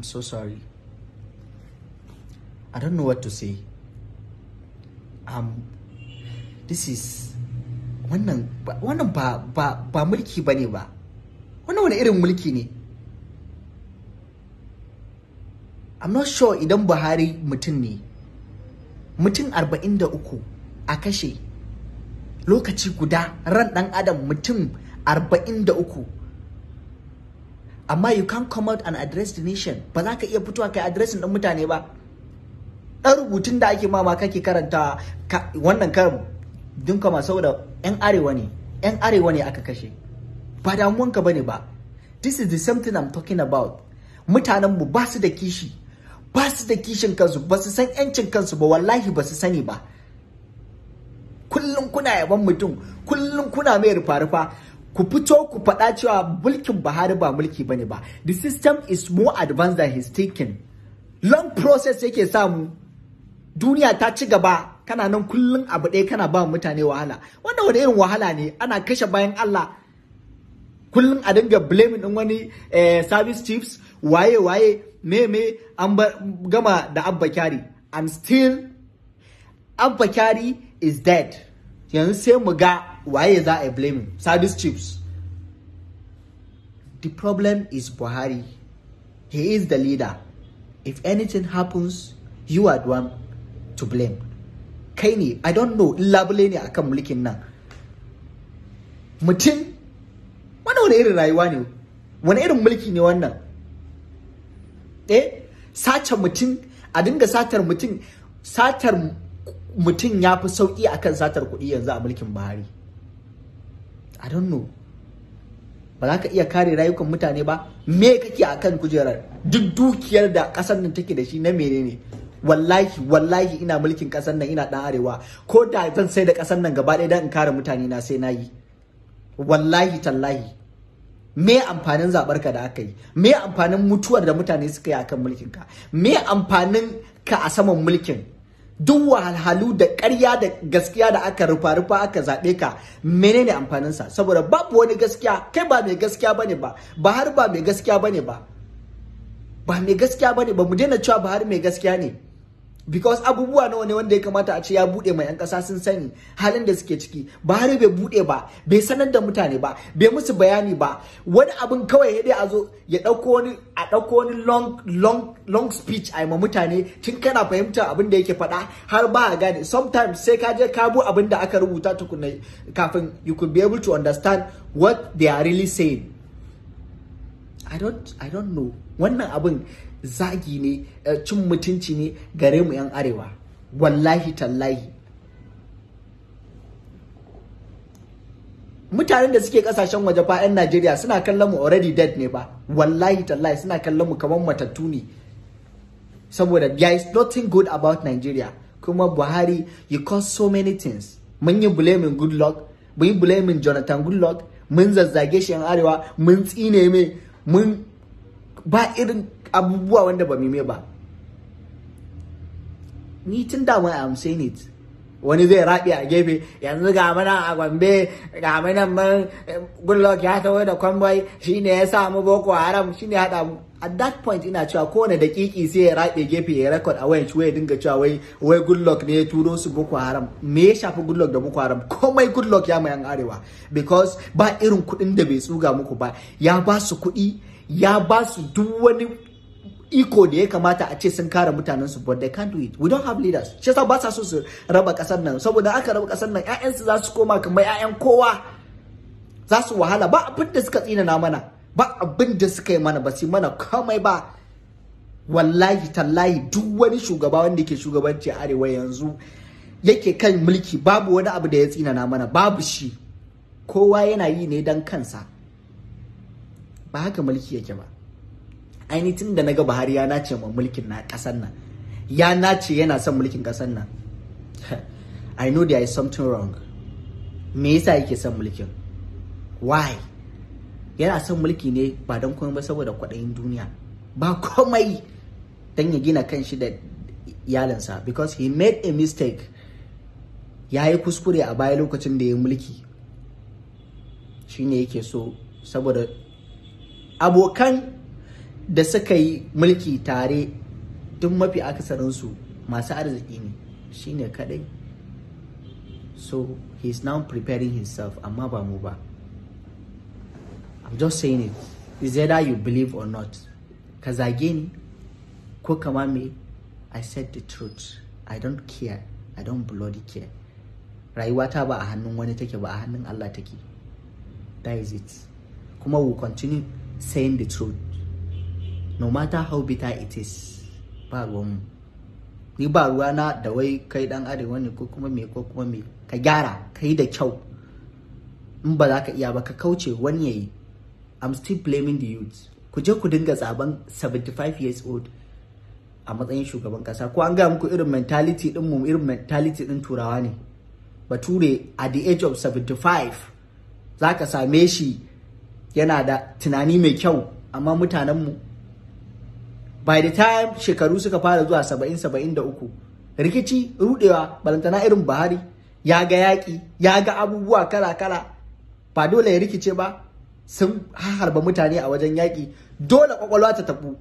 I'm so sorry. I don't know what to say. Um, this is wannan wannan ba ba ba mulki bane ba. Wannan wani irin mulki ne? I'm not sure idan Buhari mutum ne. Mutum 43 a kashe lokaci guda ran dan adam mutum 43 amma you can't come out and address the nation ba za ka iya fitowa kai addressing din mutane ba dan rubutun da ake mama kake karanta wannan karin dinka ma saboda yan arewa ne yan arewa ne aka kashe ba ka bane ba this is the same thing i'm talking about mutanen mu ba su da kishi ba su da kishin kansu ba su san yancin kansu ba wallahi ba su sani ba kullum kuna yaban mutum kullum kuna mai rufa-rufa ku fito ku faɗa cewa mulkin Buhari ba mulki bane ba the system is more advanced than his thinking long process yake samu duniya ta ci gaba kana nan kullum abu ɗaya kana ba mutane wahala wanda wani irin wahala ne ana kashe bayan Allah kullum a dinga blaming din wani eh, service chiefs waye waye me me an gama da abba kyari and still abba kyari is dead yanzu sai mu ga why is that a blame Sardis chips. The problem is Buhari. He is the leader. If anything happens, you are the one to blame. Kai I don't know, labule ne akan Mutin, nan. Mutum, wani wani irin rayuwa ne, wani irin mulki ne wannan? Eh, sace mutum, a dinga satar mutum, satar mutum ya fi sauƙi akan satar kuɗi yanzu a Buhari. I don't know ba za ka iya kare rayukan mutane ba me kake a kan kujerar duk dukiyar da ƙasar nan take da shi na menene wallahi wallahi ina mulkin ƙasar nan ina ɗan arewa ko da zan sai da ƙasar nan gaba ɗaya don in kare mutane na sai na yi wallahi tallahi me amfanin zaɓar ka da aka yi me amfanin mutuwar da mutane suka yi akan mulkin ka me amfanin ka a saman mulkin duk wahalhalu da ƙarya da gaskiya da aka rufa-rufa aka zaɓe ka menene amfaninsa saboda babu wani gaskiya kai ba mai gaskiya bane ba ba har ba mai gaskiya bane ba ba mai gaskiya bane ba mu daina cewa ba har mai gaskiya ne because abubuwa nawa ne wanda ya kamata a ce ya bude mai yan kasa sun sani halin da suke ciki ba har bai bude ba bai sanar da mutane ba bai musu bayani ba wani abin kawai ya dai a zo ya dauko wani a dauko wani long long long speech a ma mutane tun kana fahimtar abin da yake faɗa har ba a gane sometimes sai ka je ka bu abin da aka rubuta tukunna kafin you could be able to understand what they are really saying I don't I don't know wannan abin zagi ne eh, cin mutunci ne gare mu 'yan arewa wallahi tallahi mutanen da suke kasashen waje fa 'yan Najeriya suna kallon mu already dead ne ba wallahi tallahi suna kallon mu kamar matattu ne saboda there is nothing good about Nigeria kuma Buhari you caused so many things mun yi blaming good luck mun yi blaming Jonathan good luck mun zazzage shi yan arewa mun tsine mai mun ba irin abubuwa wanda ba mai ba ni tun da mai am saying it wani zai rabi a gefe yanzu ga mana a gombe ga mana man goodluck ya tawo da kwambai shine ya samu boko haram shine ya hada mu at that point ina cewa kowane dakiki sai ya rabe gefe ya record a wayan ya dinga cewa wai wai goodluck ne ya turo su boko haram me ya shafi goodluck da boko haram komai goodluck ya yan arewa because ba irin kuɗin da bai tsuga muku ba ya ba su kuɗi ya ba su duk wani iko da ya kamata a ce sun kare mutanensu but they can't do it we don't have leaders shi yasa ba sa so su raba kasar nan saboda aka raba kasar nan 'ya'yansu za su koma kamar ƴaƴan kowa za su wahala ba abin da suka tsina na mana ba abin da suka yi mana ba su mana komai ba wallahi tallahi duk wani shugaba wanda yake shugabanci arewa yanzu yake kan mulki babu wani abu da ya tsina na mana babu shi kowa yana yi ne don kansa ba haka mulki yake ba aini tun da naga Buhari ya nace ma mulkin na kasar nan ya nace yana son mulkin kasar nan I know there is something wrong me yasa yake son mulkin why yana son mulki ne ba don komai ba saboda kwaɗayin duniya ba komai don ya gina kan shi da iyalinsa because he made a mistake Yayi kuskure a baya lokacin da ya mulki shine yake so saboda abokan da suka yi mulki tare duk mafi akasarinsu masu arziki ne shine kadai so he's now preparing himself amma ba mu ba i'm just saying it is either you believe or not because again, ni ko kama me i said the truth i don't care i don't bloody care rayuwata ba a hannun wani take ba a hannun Allah take that is it kuma we continue saying the truth no matter how bitter it is ba ruwanmu ni ba ruwana da wai kai dan arewa ne ko kuma me ko kuma me ka gyara kai da kyau in ba za ka iya ba ka kauce wani yayi i'm still blaming the youth ku je ku dinga tsaban 75 years old a matsayin shugaban kasa ko an ga muku irin mentality din mu irin mentality din turawa ne bature at the age of 75 zaka same shi yana da tunani mai kyau amma mutanenmu by the time shekaru suka fara zuwa saba'in saba'in da uku rikici rudewa balantana irin buhari ya ga yaƙi ya ga abubuwa kala kala ba dole ya rikice ba sun harba mutane a wajen yaƙi dole kwakwalwa ta tabu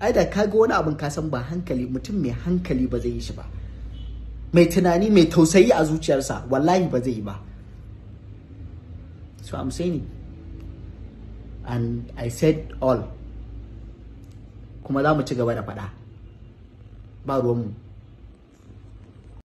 ai da ka wani abin ka san ba hankali mutum mai hankali ba zai yi shi ba mai tunani mai tausayi a zuciyarsa wallahi ba zai yi ba so i'm saying and i said all kuma za mu ci gaba da faɗa ba ruwanmu